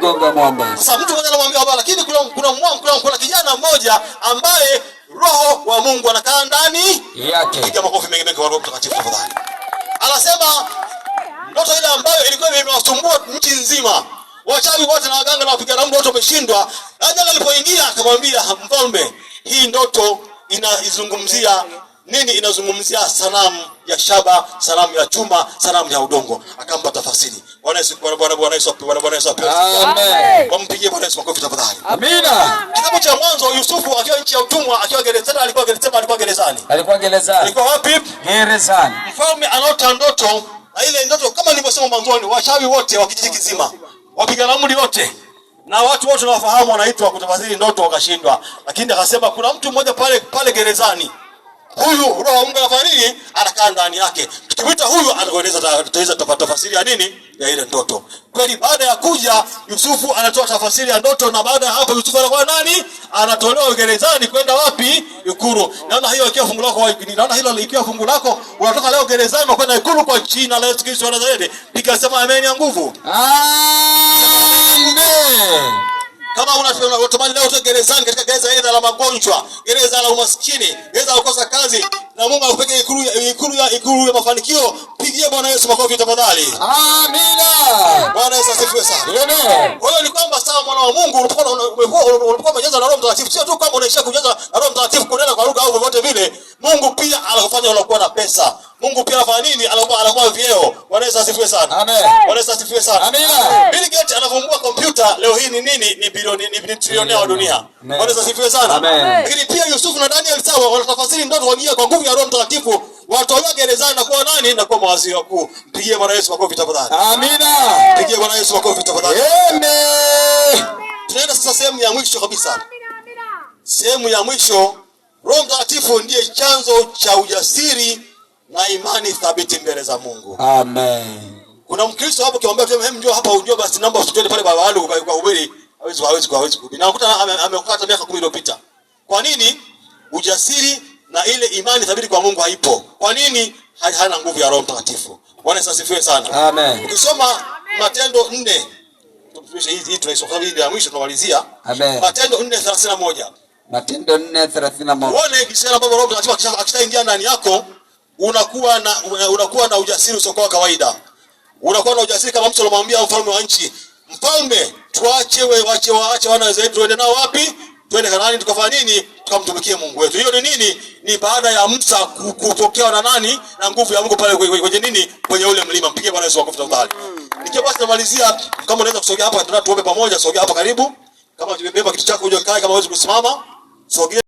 kugonga mwamba. Sasa mtu mmoja anamwambia baba, lakini kuna kuna mwamba kuna, kuna kijana mmoja ambaye roho wa Mungu anakaa ndani yake. Piga makofi mengi mengi kwa Roho Mtakatifu tafadhali. Anasema ndoto ile ambayo ilikuwa imewasumbua nchi nzima. Wachawi wote na waganga na wapiga ramli wote wameshindwa. Na jana alipoingia akamwambia mfalme, hii ndoto inaizungumzia nini inazungumzia sanamu ya shaba, sanamu ya chuma, sanamu ya udongo. Akampa tafasiri. Bwana Yesu, Bwana Bwana Bwana Yesu, Bwana Bwana Yesu. Amen. Wampigie Bwana Yesu makofi tafadhali. Amina. Kitabu cha Mwanzo, Yusufu akiwa nchi ya utumwa, akiwa gerezani, alikuwa gerezani, alikuwa gerezani. Alikuwa gerezani. Alikuwa wapi? Gerezani. Mfalme anaota ndoto, na ile ndoto kama nilivyosema mwanzoni, washawi wote wa kijiji kizima, wapigana amri wote na watu wote wanafahamu, wanaitwa kutafasiri ndoto, wakashindwa. Lakini akasema kuna mtu mmoja pale pale gerezani huyu roho Mungu anafanyi anakaa ndani yake. Tukimwita huyu anaweza tutaweza tafasiri ya nini ya ile ndoto kweli. Baada ya kuja Yusufu anatoa tafasiri ya ndoto, na baada ya hapo Yusufu anakuwa nani? Anatolewa gerezani kwenda wapi? Ikulu. Naona hiyo ikiwa fungu lako, naona hilo ikiwa fungu lako, unatoka leo gerezani kwenda ikulu kwa jina la Yesu Kristo wa Nazareti. Piga sema amen ya nguvu, amen unatamani leo utoke gerezani, katika gereza hili la magonjwa, gereza la umaskini, gereza la kukosa kazi, na Mungu akupeke ikulu ya ikulu ya ikulu ya mafanikio. Pigie Bwana Yesu makofi tafadhali. Amina. Bwana Yesu asifiwe sana. Amen. Kwa hiyo ni kwamba sawa, mwana wa Mungu, ulipokuwa ulipokuwa umejazwa na Roho Mtakatifu, sio tu kwamba unaishia kujaza na Roho Mtakatifu kunena kwa lugha au vyovyote vile, Mungu pia anakufanya unakuwa na pesa. Mungu pia anafanya nini? Anakuwa anakuwa vyeo. Bwana Yesu asifiwe sana. Amen. Bwana Yesu asifiwe sana. Amina wanavumbua kompyuta leo hii ni nini? Ni bilioni ni trilionea wa dunia. Bwana asifiwe sana. Lakini pia Yusufu na Daniel sawa, wanatafasiri ndoto wajia kwa nguvu ya Roho Mtakatifu, watolewa gerezani na kuwa nani na kuwa mawaziri wakuu. Mpigie Bwana Yesu makofi tafadhali. Amina. Mpigie Bwana Yesu makofi tafadhali. Amen. Tunaenda sasa sehemu ya mwisho kabisa. Sehemu ya mwisho, Roho Mtakatifu ndiye chanzo cha ujasiri na imani thabiti mbele za Mungu. Amen. Kuna Mkristo hapo kiambia tu hem, njoo hapa unjua, basi naomba usitoe pale baba wangu kwa kuhubiri. Hawezi hawezi kwa hawezi kuhubiri. Na ukuta amekata miaka 10 iliyopita. Kwa nini ujasiri na ile imani thabiti kwa Mungu haipo? Kwa nini hana nguvu ya Roho Mtakatifu? Bwana asifiwe sana. Amen. Ukisoma Matendo 4 tupishe hizi hii tunaisoma hivi ya mwisho tunamalizia. Amen. Matendo 4:31. Matendo 4:31. Uone kisha Baba Roho Mtakatifu akishaingia ndani yako unakuwa na unakuwa na ujasiri usiokuwa kawaida unakuwa na ujasiri kama mtu alomwambia mfalme wa nchi, mfalme, tuache wewe, wache waache wana zetu tuende nao wapi? Twende Kanaani tukafanya nini? Tukamtumikie Mungu wetu. Hiyo ni nini? Ni baada ya Musa kupokewa na nani? Na nguvu ya Mungu pale kwenye nini? Kwenye ule mlima. Mpige Bwana Yesu makofi tafadhali. Nikiwa basi namalizia, kama unaweza kusogea hapa, tunatuombe pamoja, sogea hapa karibu. Kama umebeba kitu chako uje kae, kama huwezi kusimama, sogea